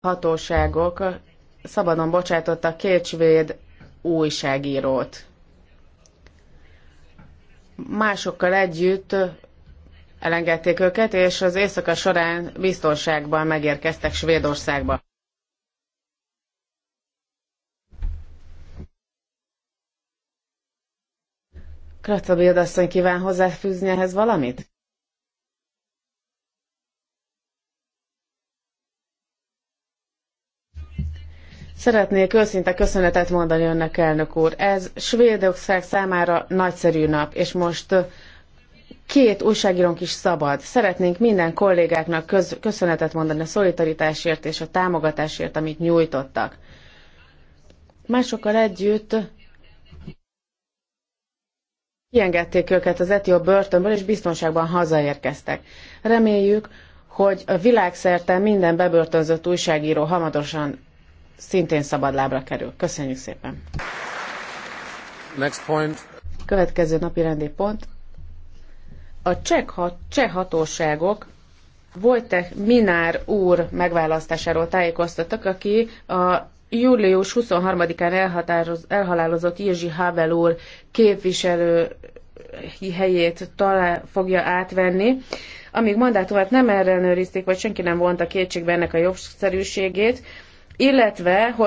hatóságok szabadon bocsátottak két svéd újságírót. Másokkal együtt elengedték őket, és az éjszaka során biztonságban megérkeztek Svédországba. Kratabild asszony kíván hozzáfűzni ehhez valamit? Szeretnék őszinte köszönetet mondani önnek, elnök úr. Ez Svédország számára nagyszerű nap, és most két újságírónk is szabad. Szeretnénk minden kollégáknak köz- köszönetet mondani a szolidaritásért és a támogatásért, amit nyújtottak. Másokkal együtt kiengedték őket az etióp börtönből, és biztonságban hazaérkeztek. Reméljük, hogy a világszerte minden bebörtönzött újságíró hamarosan szintén szabadlábra kerül. Köszönjük szépen! Next point. Következő napi rendi pont. A cseh, hat, cseh hatóságok Vojtech Minár úr megválasztásáról tájékoztattak, aki a július 23-án elhalálozott Jerzy Havel úr képviselő helyét talál, fogja átvenni. Amíg mandátumát nem ellenőrizték, vagy senki nem vonta kétségbe ennek a jogszerűségét, illetve, hogy